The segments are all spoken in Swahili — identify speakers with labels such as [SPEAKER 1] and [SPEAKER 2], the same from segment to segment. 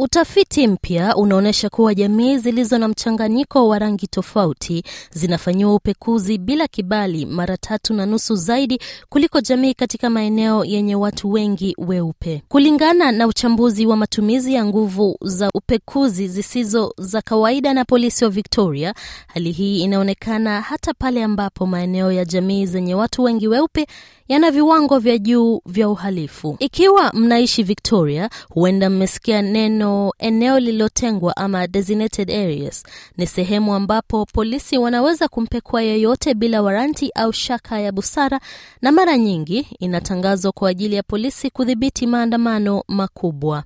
[SPEAKER 1] Utafiti mpya unaonyesha kuwa jamii zilizo na mchanganyiko wa rangi tofauti zinafanyiwa upekuzi bila kibali mara tatu na nusu zaidi kuliko jamii katika maeneo yenye watu wengi weupe. Kulingana na uchambuzi wa matumizi ya nguvu za upekuzi zisizo za kawaida na polisi wa Victoria, hali hii inaonekana hata pale ambapo maeneo ya jamii zenye watu wengi weupe yana viwango vya juu vya uhalifu. Ikiwa mnaishi Victoria, huenda mmesikia neno mfano eneo lililotengwa ama designated areas ni sehemu ambapo polisi wanaweza kumpekua yeyote bila waranti au shaka ya busara, na mara nyingi inatangazwa kwa ajili ya polisi kudhibiti maandamano makubwa.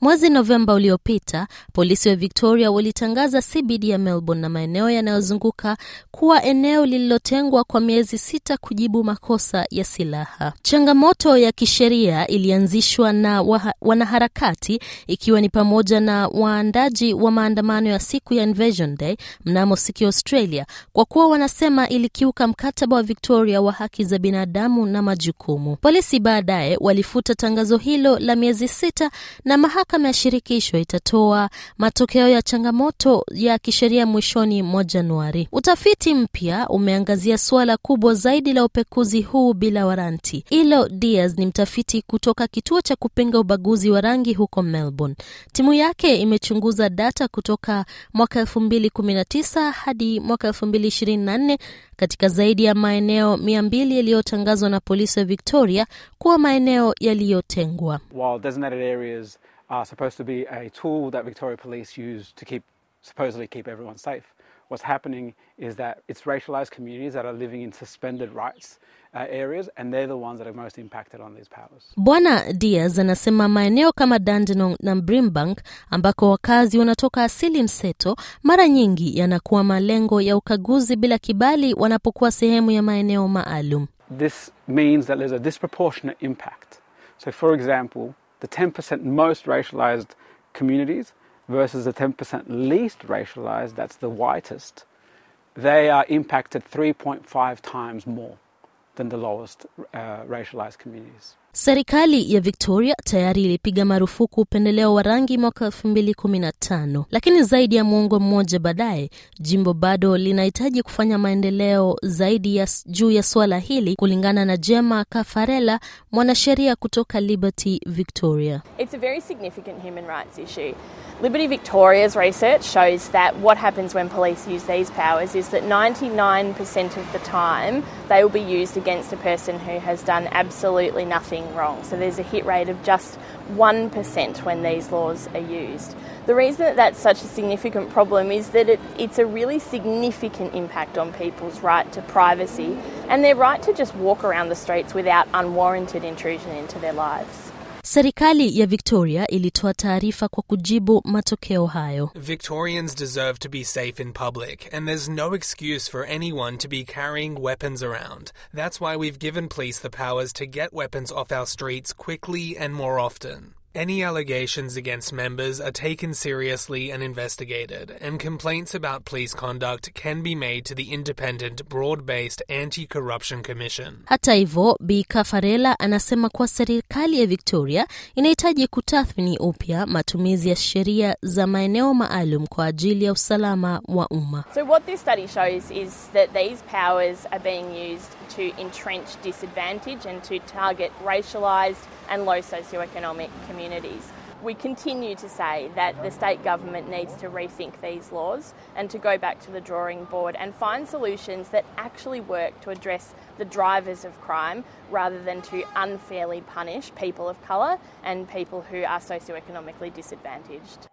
[SPEAKER 1] Mwezi Novemba uliopita, polisi wa Victoria walitangaza CBD ya Melbourne na maeneo yanayozunguka kuwa eneo lililotengwa kwa miezi sita kujibu makosa ya silaha. Changamoto ya kisheria ilianzishwa na waha, wanaharakati ikiwa ni pamoja na waandaji wa maandamano ya siku ya Invasion Day mnamo siku ya Australia kwa kuwa wanasema ilikiuka mkataba wa Victoria wa haki za binadamu na majukumu. Polisi baadaye walifuta tangazo hilo la miezi sita na na mahakama ya shirikisho itatoa matokeo ya changamoto ya kisheria mwishoni mwa Januari. Utafiti mpya umeangazia suala kubwa zaidi la upekuzi huu bila waranti. Ilo Diaz ni mtafiti kutoka kituo cha kupinga ubaguzi wa rangi huko Melbourne. Timu yake imechunguza data kutoka mwaka tisa hadi mwaka nne katika zaidi ya maeneo mbili yaliyotangazwa na polisi ya Victoria kuwa maeneo yaliyotengwa
[SPEAKER 2] are supposed to be a tool that Victoria Police use to keep, supposedly keep everyone safe. What's happening is that it's racialized communities that are living in suspended rights uh, areas and they're the ones that are most impacted on these
[SPEAKER 1] powers. Bwana Diaz anasema maeneo kama Dandenong na Brimbank ambako wakazi wanatoka asili mseto mara nyingi yanakuwa malengo ya ukaguzi bila kibali wanapokuwa sehemu ya maeneo maalum.
[SPEAKER 2] This means that there's a disproportionate impact. So for example, the 10% most racialized communities versus the 10% least racialized, that's the whitest, they are impacted 3.5 times more than the lowest uh, racialized communities.
[SPEAKER 1] Serikali ya Victoria tayari ilipiga marufuku upendeleo wa rangi mwaka kumi na tano lakini zaidi ya muongo mmoja baadaye, jimbo bado linahitaji kufanya maendeleo zaidi ya juu ya suala hili, kulingana na Jema Kafarela, mwanasheria kutoka Liberty Victoria.
[SPEAKER 3] It's a very significant human rights issue. Liberty Victoria's research shows that what happens when police use these powers is that 99% of the time they will be used against a person who has done absolutely nothing wrong. So there's a hit rate of just 1% when these laws are used. The reason that that's such a significant problem is that it, it's a really significant impact on people's right to privacy and their right to just walk around the streets without unwarranted intrusion into their lives.
[SPEAKER 1] Serikali ya Victoria ilitoa taarifa kwa kujibu matokeo hayo. Victorians deserve to be safe in public and there's no excuse for anyone to be carrying weapons around. That's why we've given police the powers to get weapons off our streets quickly and more often. Any allegations against members are taken seriously and investigated, and complaints about police conduct can be made to the independent broad-based anti-corruption commission. Hata hivyo, Bi Kafarela anasema kuwa serikali ya Victoria inahitaji kutathmini upya matumizi ya sheria za maeneo maalum kwa ajili ya usalama wa umma.
[SPEAKER 3] So what this study shows is that these powers are being used to entrench disadvantage and to target racialized and low socioeconomic communities communities. We continue to say that the state government needs to rethink these laws and to go back to the drawing board and find solutions that actually work to address the drivers of crime rather than to unfairly punish people of colour and people who are socioeconomically disadvantaged.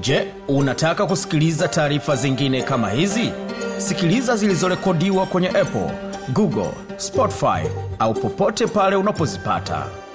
[SPEAKER 2] Je, unataka kusikiliza taarifa zingine kama hizi? Sikiliza zilizorekodiwa kwenye Apple, Google, Spotify au popote pale unapozipata.